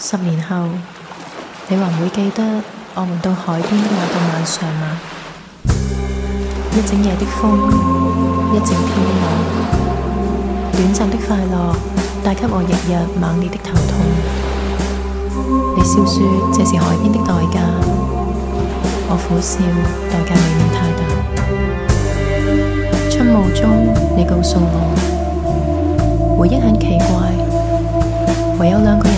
十年後，你還會記得我們到海邊那個晚上嗎？一整夜的風，一整天的雨，短暫的快樂帶給我日日猛烈的頭痛。你笑說這是海邊的代價，我苦笑代價未免太大。春霧中，你告訴我，回憶很奇怪，唯有兩個人。